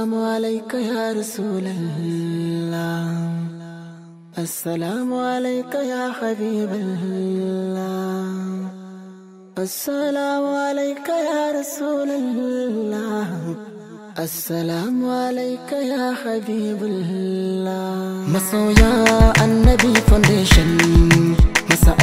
السلام عليك يا رسول الله السلام عليك يا حبيب الله السلام عليك يا رسول الله السلام عليك يا حبيب الله مسو يا النبي فونديشن مسا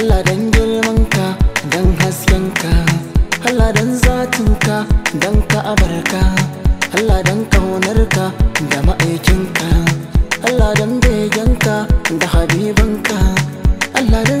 Allah dan girmanka dan haskenka Allah dan zatinka dan ka ka'abarka Allah dan kaunarka da ma'aikinka Allah dan begenka da habibanka Allah dan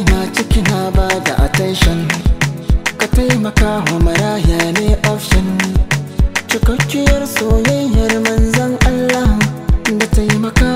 ina ciki na ba da attention ka taimaka wa maraya ne option cikakkiyar soyayyar manzan Allah da taimaka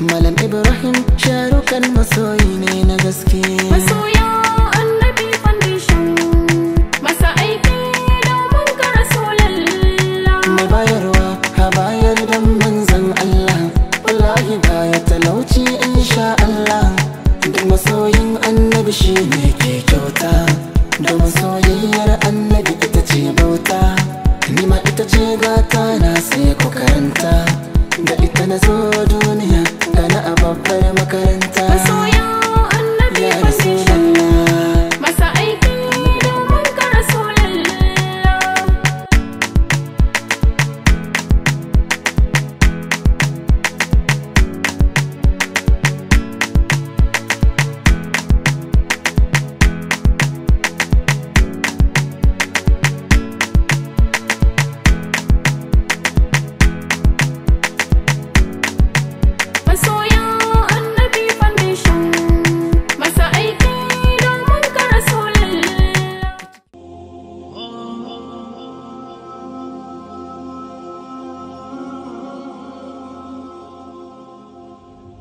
Malam Ibrahim sharukan masoyi ne na gaske Masoya annabi foundation Masa aiki domin ka rasulullah Mai bayarwa ha bayar dan zan Allah Wallahi ba ya talauci insha Allah Duk masoyin annabi shi ne ke kyauta Da masoyiyar annabi